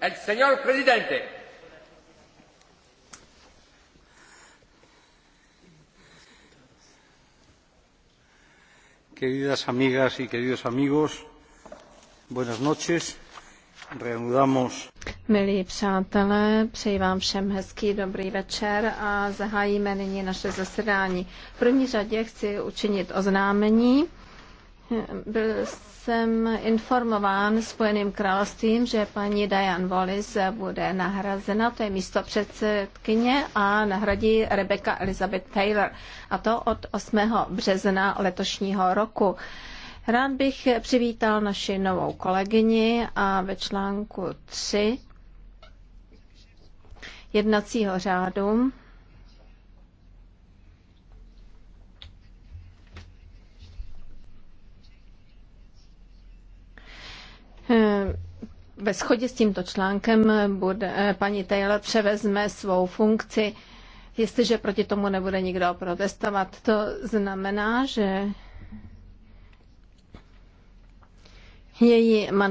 El señor presidente. Queridas amigas y queridos amigos, buenas noches. Reanudamos. Milí přátelé, přeji vám všem hezký dobrý večer a zahájíme nyní naše zasedání. V první řadě chci učinit oznámení. Byl jsem informován Spojeným královstvím, že paní Diane Wallis bude nahrazena, to je místo předsedkyně a nahradí Rebecca Elizabeth Taylor a to od 8. března letošního roku. Rád bych přivítal naši novou kolegyni a ve článku 3 jednacího řádu ve shodě s tímto článkem bude, eh, paní Taylor převezme svou funkci, jestliže proti tomu nebude nikdo protestovat. To znamená, že její mandát